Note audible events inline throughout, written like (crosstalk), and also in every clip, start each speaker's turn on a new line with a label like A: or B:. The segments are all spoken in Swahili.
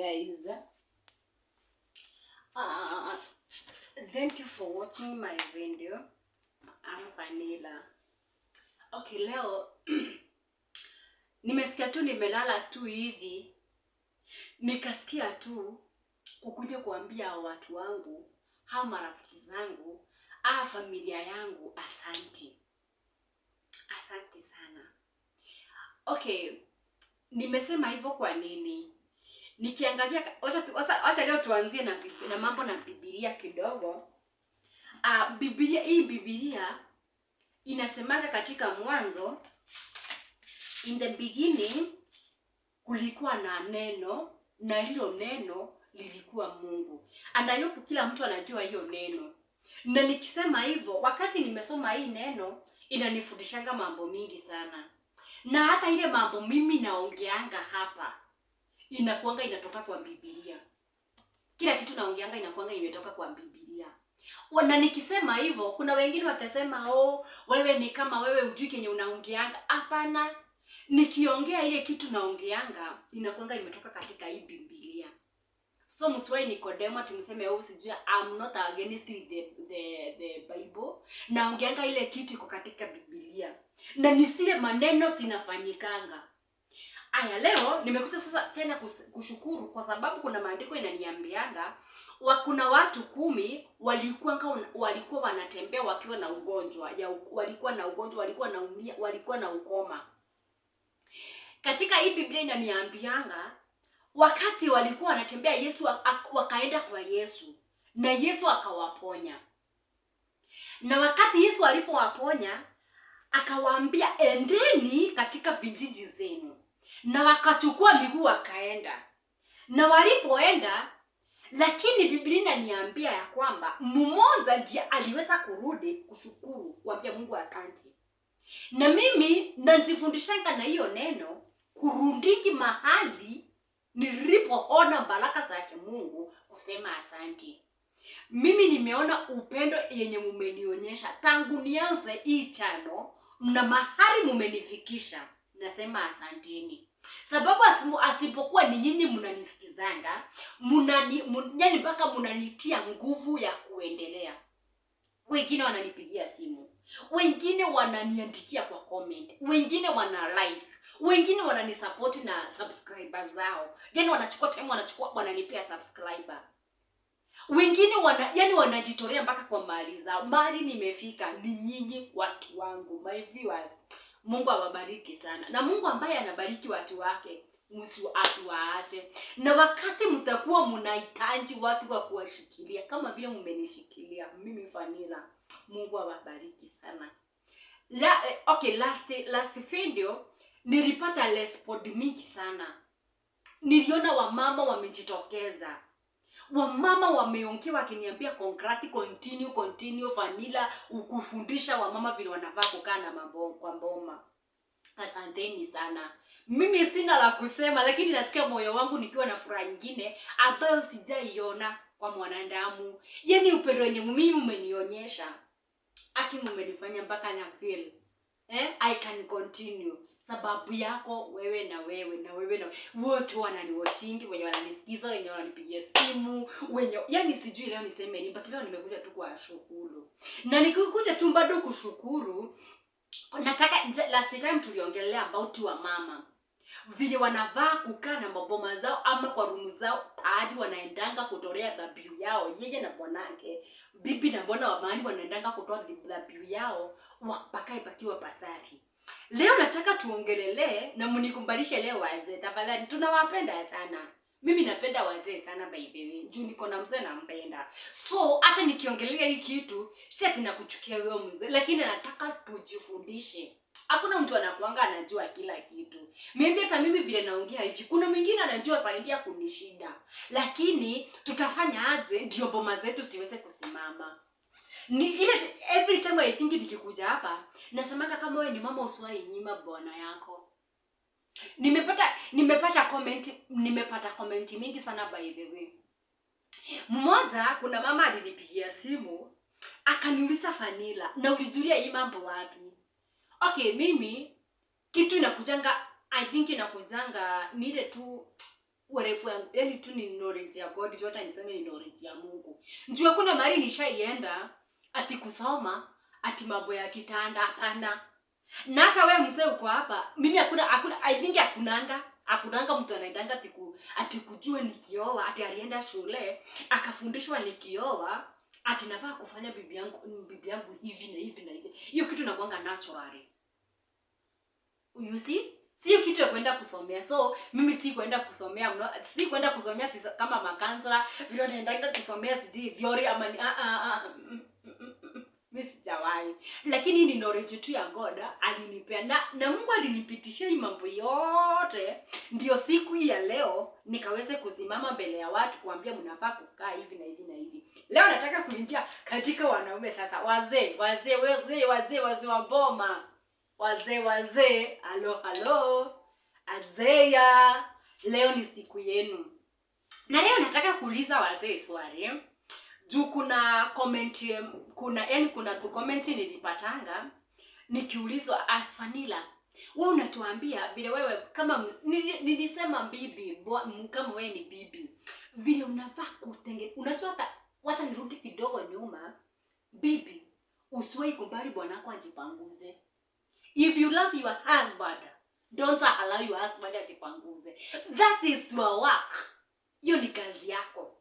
A: guys uh, thank you for watching my video I'm Vanilla okay leo (clears throat) nimesikia tu nimelala tu hivi nikasikia tu kukuja kuambia watu wangu au marafiki zangu au familia yangu asanti asante sana okay nimesema hivyo kwa nini Nikiangalia wacha tu, wacha leo tuanzie na na mambo na Biblia kidogo. Ah, Biblia hii Biblia inasemanga katika mwanzo, in the beginning kulikuwa na neno na hilo neno lilikuwa Mungu. andayoku kila mtu anajua hiyo neno. Na nikisema hivyo, wakati nimesoma hii neno inanifundishanga mambo mingi sana, na hata ile mambo mimi naongeanga hapa inakuanga inatoka kwa Biblia. Kila kitu naongeanga inakuanga imetoka kwa Biblia. Na nikisema hivyo, kuna wengine watasema oh, wewe ni kama wewe ujui kenye unaongeanga. Hapana, nikiongea ile kitu naongeanga inakuanga imetoka katika hii Biblia. So msiwai Nikodemo tumseme oh, sijui I'm not against the, the, the Bible. Naongeanga ile kitu iko katika Biblia. Na nisile maneno sinafanyikanga. Aya, leo nimekuta sasa tena kushukuru kwa sababu kuna maandiko inaniambianga wa kuna watu kumi walikuwa walikuwa wanatembea wakiwa na ugonjwa ya, walikuwa na ugonjwa walikuwa na umia, walikuwa na ukoma. Katika hii Biblia inaniambianga wakati walikuwa wanatembea Yesu wakaenda kwa Yesu na Yesu akawaponya, na wakati Yesu alipowaponya akawaambia endeni katika vijiji zenu na wakachukua miguu wakaenda, na walipoenda, lakini Biblia inaniambia ya kwamba mmoja ndiye aliweza kurudi kushukuru, kuambia Mungu asante. Na mimi najifundishanga na hiyo neno kurundiki mahali nilipoona baraka zake Mungu, kusema asante. Mimi nimeona upendo yenye mumenionyesha tangu nianze hii chano na mahali mumenifikisha, nasema asanteni sababu asipokuwa ni nyinyi mnanisikizanga mnani, yani mpaka mnanitia nguvu ya kuendelea. Wengine wananipigia simu, wengine wananiandikia kwa comment, wengine wana like, wengine wananisupport na subscriber zao, yani wanachukua time, wanachukua wananipea subscriber wengine wana yani wanajitolea mpaka kwa mali zao. Mali nimefika ni nyinyi watu wangu, my viewers. Mungu awabariki sana, na Mungu ambaye anabariki watu wake asiwaache, na wakati mtakuwa mnahitaji watu wa kuwashikilia kama vile mmenishikilia mimi Fanila, Mungu awabariki sana. La, eh, okay, last last video nilipata response mingi sana, niliona wamama wamejitokeza wamama wameongewa akiniambia congrats, continue continue, vanila ukufundisha wamama vile wanavaa kukaa na mambo kwa mboma. Asanteni sana. Mimi sina la kusema, lakini nasikia moyo wangu nikiwa na furaha nyingine ambayo sijaiona kwa mwanadamu, yaani upendo wenye mimi umenionyesha aki mumenifanya mpaka na feel eh, I can continue sababu yako wewe na wewe na wewe na wote wananiwatchingi, wenye wananisikiza, wenye wananipigia simu, wenye yani sijui leo niseme nini, but leo nimekuja tu kwa shukuru, na nikikuja tu bado kushukuru. Nataka last time tuliongelea about wa mama vile wanavaa kukaa na maboma zao ama kwa rumu zao, hadi wanaendanga kutorea dhabihu yao, yeye na bwanake, bibi na bwana wa mahali wanaendanga kutoa dhabihu yao, wapakae pakiwa pasafi. Leo nataka tuongelelee na mnikumbarishe leo wazee. Tafadhali tunawapenda sana. Mimi napenda wazee sana by the way. Juu niko na mzee nampenda. So hata nikiongelea hii kitu si ati nakuchukia wewe mzee, lakini nataka tujifundishe. Hakuna mtu anakuanga anajua kila kitu. Mimi hata mimi vile naongea hivi, kuna mwingine anajua saidia kunishida. Lakini tutafanya aje ndio boma zetu siweze kusimama? ni ile every time I think nikikuja hapa nasemaka kama wewe ni mama usiwahi nyima bwana yako. Nimepata nimepata comment nimepata comment mingi sana by the way. Mmoja, kuna mama alinipigia simu akaniuliza Vanilla, na ulijulia hii mambo wapi? Okay, mimi kitu inakujanga I think inakujanga ni ile tu urefu yangu, yani tu ni knowledge ya God, hata niseme ni knowledge ya Mungu. Njua kuna mahali nishaienda ati kusoma ati mambo ya kitanda hapana. Na hata wewe mzee uko hapa, mimi hakuna hakuna, I think hakunanga hakunanga mtu anaendanga tiku ati kujue nikioa ati alienda shule akafundishwa nikioa ati nafaa kufanya bibi yangu bibi yangu hivi na hivi na hivi. Hiyo kitu nakuanga naturally, you see Sio kitu ya kwenda kusomea. So mimi si kwenda kusomea no, si kwenda kusomea tisa, kama makansla vile naendaga kusomea sijui vyori ama ni, ah, ah, ah. Mm. (laughs) mi sijawahi, lakini ni knowledge tu ya God ah, alinipea na, na Mungu alinipitisha hii mambo yote, ndio siku hii ya leo nikaweze kusimama mbele ya watu kuambia mnafaa kukaa hivi na hivi na hivi. Leo nataka kuingia katika wanaume sasa, wazee wazee wazee wazee wazee wa boma, wazee wazee, halo halo, azeya, leo ni siku yenu, na leo nataka kuuliza wazee swali juu kuna comment kuna yani kuna tu comment nilipatanga nikiulizwa, afanila ah, we unatuambia vile wewe kama nilisema bibi kama wewe ni bibi vile unavaa kutenge, unajua hata wacha nirudi kidogo nyuma, bibi usiwahi kubali bwanako ajipanguze. If you love your husband don't allow your husband ajipanguze. That is your work, hiyo ni kazi yako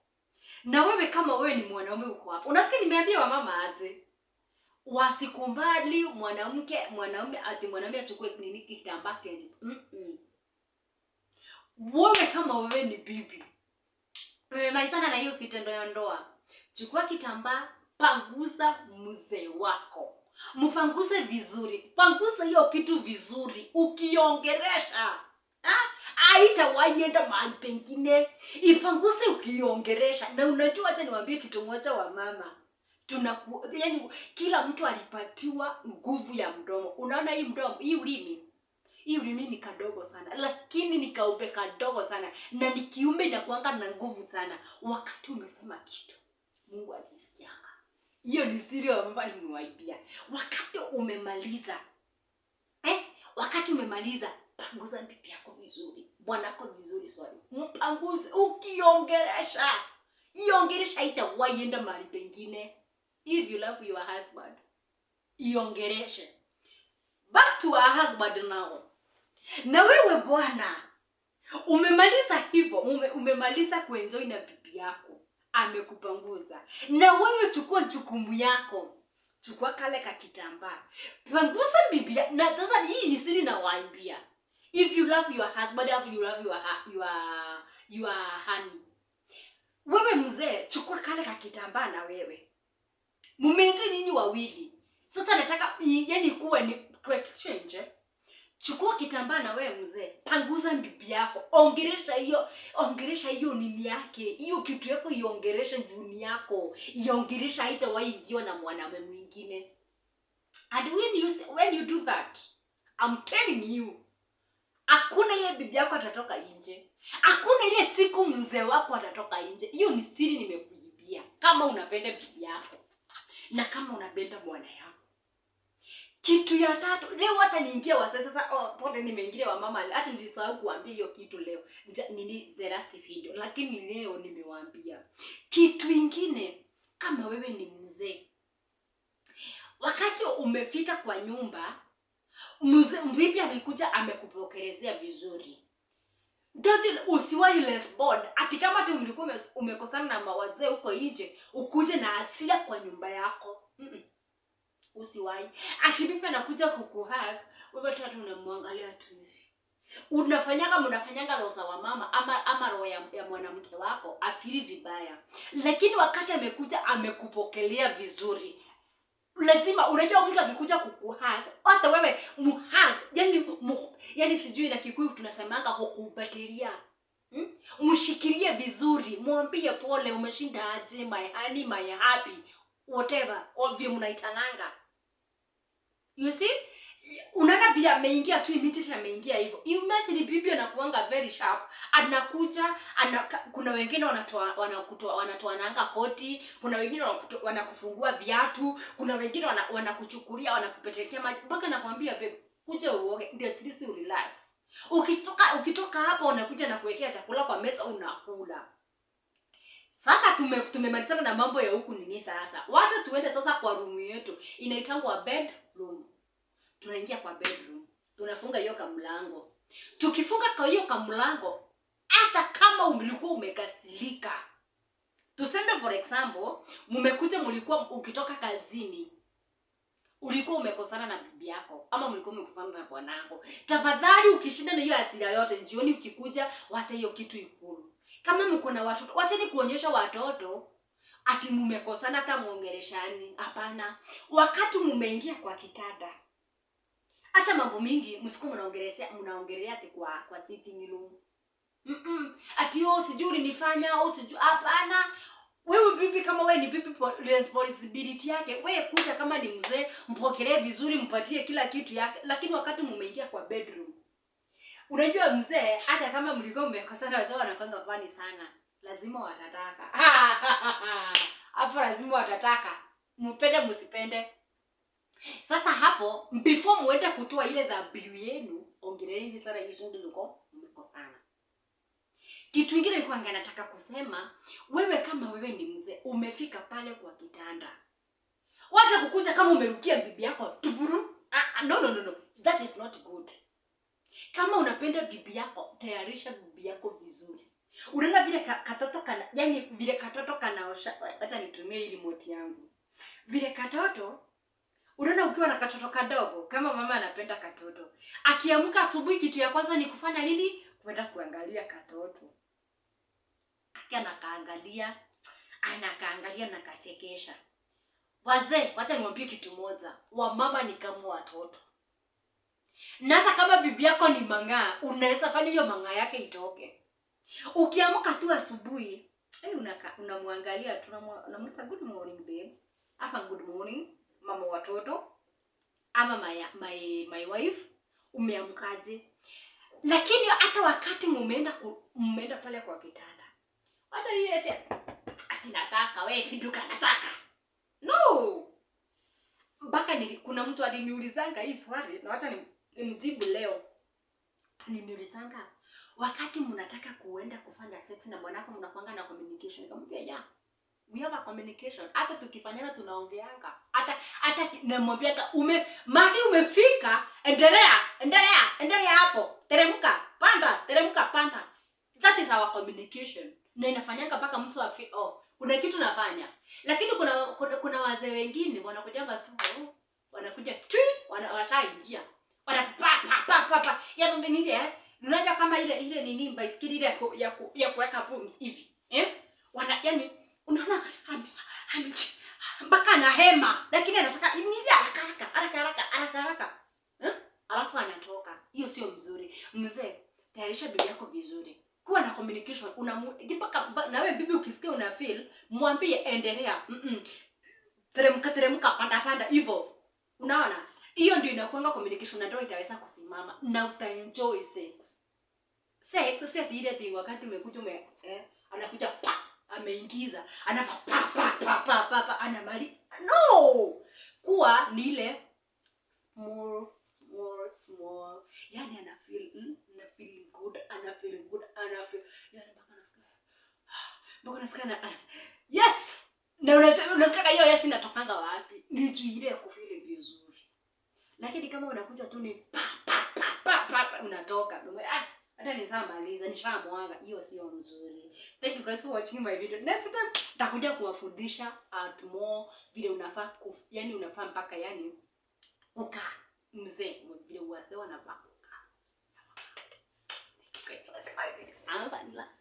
A: na wewe kama wewe ni mwanaume uko hapa, unasikia, nimeambia wamama aje wasikubali mwanamke mwanaume ati mwanaume achukue nini kitambaa kenje. mm -mm. Wewe kama wewe ni bibi, mmemalizana na hiyo kitendo ya ndoa, chukua kitambaa, panguza mzee wako, mpanguze vizuri, panguza hiyo kitu vizuri, ukiongeresha haitawahienda mahali pengine, ipanguse ukiongeresha. Na unajua, wacha niwaambie kitu moja, wa mama tunaku, yani kila mtu alipatiwa nguvu ya mdomo. Unaona hii mdomo, hii ulimi hii ulimi ni kadogo sana, lakini ni kaupe kadogo sana, na ni kiumbe inakuanga na nguvu sana. Wakati umesema kitu, Mungu alisikianga. Hiyo ni siri ambayo nimewaibia. Wakati umemaliza eh, wakati umemaliza, panguza pipi yako vizuri mwanako ni vizuri swali, mpanguze. Ukiongeresha iongeresha, itakuwa ienda mahali pengine. If you love your husband, iongereshe back to our husband now. Na wewe bwana, umemaliza hivyo, ume, umemaliza kuenjoy na bibi yako, amekupanguza na wewe, chukua jukumu yako chukua kale kakitambaa, panguza bibi na sasa. Hii ni siri nawaambia. If you love your husband if you love your uh, your your honey. Wewe mzee, chukua kale kakitambaa na wewe mumeite nyinyi wawili. Sasa nataka yani kuwe ni to exchange. Eh? Chukua kitambaa na wewe mzee, panguza bibi yako, ongeresha hiyo, ongeresha hiyo nini yake, hiyo kitu yako iongeresha juni yako, iongeresha haitawahi ingiwa na mwanamume mwingine. And when you when you do that, I'm telling you Hakuna ile bibi yako atatoka nje, hakuna ile siku mzee wako atatoka nje. Hiyo ni siri nimekuibia. Kama unapenda bibi yako na kama unapenda bwana yako. Kitu ya tatu leo, wacha niingie wasasa sasa. Oh, pote nimeingia wa mama, hata nilisahau kuambia hiyo kitu leo nini, the last video, lakini leo nimewaambia kitu ingine. Kama wewe ni mzee, wakati umefika kwa nyumba mzee amekuja amekupokelezea vizuri Doti, usiwahi ati kama ti mlikuwa umekosana na mawazee huko nje ukuje na asila kwa nyumba yako mm -mm. Usiwahi akibibi anakuja kukuhak uvetatu unamwangalia tu hivi unafanyaga mnafanyaga roho za wamama ama ama roho ya, ya mwanamke wako afiri vibaya, lakini wakati amekuja amekupokelea vizuri lazima unajua, mtu akikuja kukuhag hata wewe yani sijui na Kikuyu tunasemanga kukumpatilia hmm? Mshikilie vizuri, mwambie pole, umeshinda aje, my honey, my happy, whatever ovyo mnaitananga. You see, unaona vile ameingia tu immediately, ameingia hivyo. Imagine bibi anakuanga very sharp, anakuja ana, kuna wengine wanatoa wanakutoa wanatoananga koti, kuna wengine wanakufungua viatu, kuna wengine wanakuchukulia wanakupelekea maji mpaka nakwambia bibi kuja uoge ndio at least relax. Ukitoka ukitoka hapo unakuja na kuwekea chakula kwa meza unakula. Sasa tume tumemalizana na mambo ya huku nini sasa. Wacha tuende sasa kwa room yetu. Inaitangwa bedroom. Tunaingia kwa bedroom. Tunafunga hiyo kamlango. Tukifunga kwa hiyo kamlango hata kama ulikuwa umekasirika. Tuseme for example, mumekuja mlikuwa ukitoka kazini ulikuwa umekosana na bibi yako ama mlikuwa umekosana na bwanangu, Tafadhali, ukishinda na hiyo asira yote, njioni ukikuja, wacha hiyo kitu ikulu. Kama mko na watoto, wacheni kuonyesha watoto ati mmekosana kama muongeleshani. Hapana, wakati mmeingia kwa kitanda, hata mambo mingi msiku mnaongelea mnaongelea ati kwa kwa sitting room mm -mm. ati oh, sijui ulinifanya au oh, sijui. Hapana wewe bibi, kama wewe ni bibi, responsibility yake wewe kuja, kama ni mzee mpokelee vizuri, mpatie kila kitu yake, lakini wakati mumeingia kwa bedroom, unajua mzee, hata kama mlikuwa mmekosana, wazee wanapanga pani sana, lazima watataka (laughs) hapo, lazima watataka mpende msipende. Sasa hapo, before muende kutoa ile dhabiu yenu, ongeleni sana hizo ndio mko mmekosana kitu ingine ilikuwa nataka kusema, wewe kama wewe ni mzee umefika pale kwa kitanda, wacha kukuja kama umerukia bibi yako tuburu. Ah, ah no, no, no, no, that is not good. Kama unapenda bibi yako, tayarisha bibi yako vizuri. Unaona vile katoto kana, yani vile katoto kanaosha, acha nitumie hii remote yangu, vile katoto Unaona, ukiwa na katoto kadogo kama mama anapenda katoto, akiamka asubuhi, kitu ya kwanza ni kufanya nini? Kwenda kuangalia katoto anakusikia anakaangalia anakaangalia na kachekesha. Wazee, wacha niwaambie kitu moja, wamama ni kama watoto. Na hata kama bibi yako ni mang'aa, unaweza fanya hiyo mang'aa yake itoke. Ukiamka tu asubuhi, hey, eh, unamwangalia tu unamusa good morning babe, hapa good morning mama watoto, ama my, my, my wife, umeamkaje? Lakini hata wakati mumeenda mumeenda pale kwa kitanda hata yeye sema nataka wewe kinduka nataka. No. Mpaka ni kuna mtu aliniulizanga hii swali na hata nimjibu leo. Aliniulizanga wakati mnataka kuenda kufanya sex na mwanako mnakuanga na communication. Nikamwambia ya. We have a communication. Hata tukifanyana tunaongeanga. Hata hata namwambia ume maki umefika endelea endelea endelea hapo. Teremka panda teremka panda. That is our communication ndio inafanyanga mpaka mtu afi oh, kuna kitu nafanya. Lakini kuna kuna, kuna wazee wengine wanakujanga tu oh, wanakuja tu wana, wana pa pa pa pa, pa. ya ndio nini eh unaja kama ile ile nini baiskeli ile ya ya, ya kuweka booms hivi eh wana yani unaona mpaka na hema lakini anataka imia haraka haraka haraka haraka haraka eh, alafu anatoka. Hiyo sio mzuri mzee, tayarisha bibi yako vizuri kuwa na communication una na wewe bibi, ukisikia una feel mwambie, endelea mm -mm. teremka teremka, panda panda hivyo, unaona hiyo ndio inakuanga communication, na ndio itaweza kusimama na uta enjoy sex. Sex sasa ati ile thing wakati umekuja ume, eh, anakuja pa ameingiza anafa pa pa pa pa pa, pa anamali no, kuwa ni ile small small small, yani ana feel mm? feel good, ana feel good, ana feel yani, mpaka nasikia ah, mpaka nasikia na ah, yes, na unasikia hiyo yes, inatokanga wapi? Ni tu ile ya kufeel vizuri, lakini kama unakuja tu ni pa pa pa pa, pa pa unatoka ah, hata nishamaliza mwanga hiyo sio mzuri. Thank you guys for watching my video. Next time nitakuja kuwafundisha at more vile unafaa, yani unafaa mpaka yani uka mzee vile na wanapaka 麻烦了。